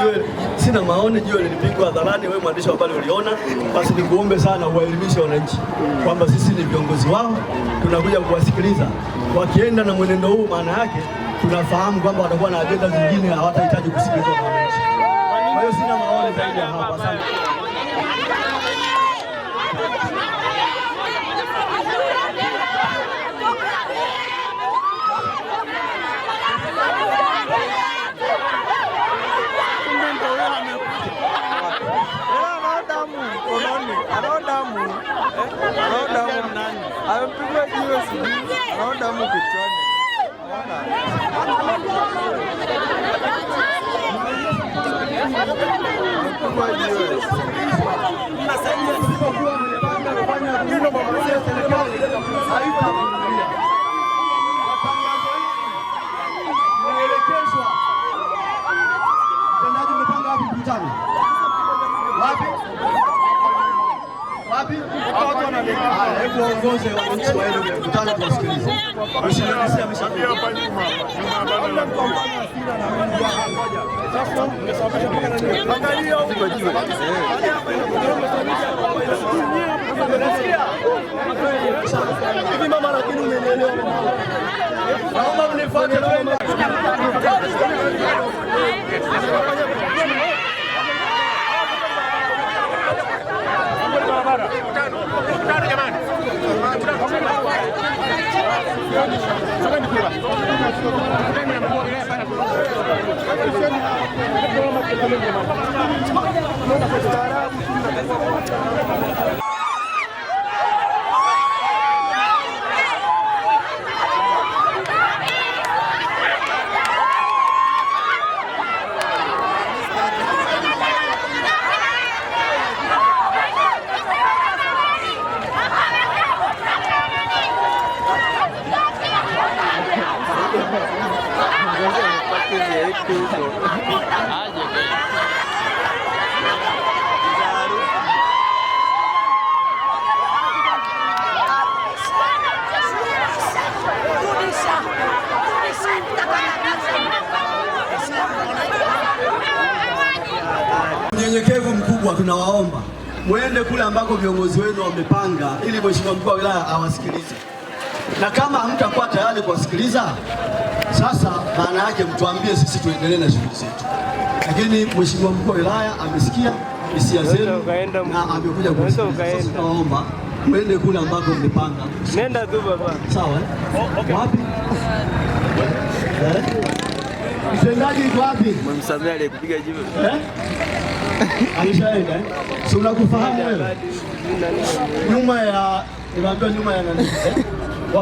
Joel, sina maoni Joel, nilipigwa hadharani. Wewe mwandishi wa habari uliona, basi nikuombe sana uwaelimishe wananchi kwamba sisi ni viongozi wao, tunakuja kuwasikiliza. Wakienda na mwenendo huu, maana yake tunafahamu kwamba watakuwa na ajenda zingine, hawatahitaji kusikilizwa na wananchi. Kwa hiyo sina maoni zaidi ya hapa. Asante. amepigwa jiwe, sijui naona damu kichwani. Hebu waongoze wananchi wa hilo mkutano tuwasikilize. Mheshimiwa Rais ameshaangalia. Mama, mnifuate. Thank you. huko aje unyenyekevu mkubwa tunawaomba mwende kule ambako viongozi wenu wamepanga, ili mheshimiwa mkuu wa wilaya awasikilize, na kama hamtakuwa tayari kuwasikiliza sasa maana yake mtuambie sisi tuendelee na shughuli zetu, lakini mheshimiwa mkuu wa wilaya amesikia hisia zenu na amekuja kuomba Tunaomba mwende kule ambako mmepanga. Nenda tu baba. Sawa eh? Oh, okay. Wapi? Eh? Mtendaji yuko wapi? Mmemsamea aliyekupiga jiwe. Eh? Alishaenda eh? Si unakufahamu wewe? Nyuma ya, unaambiwa nyuma ya nani? Eh?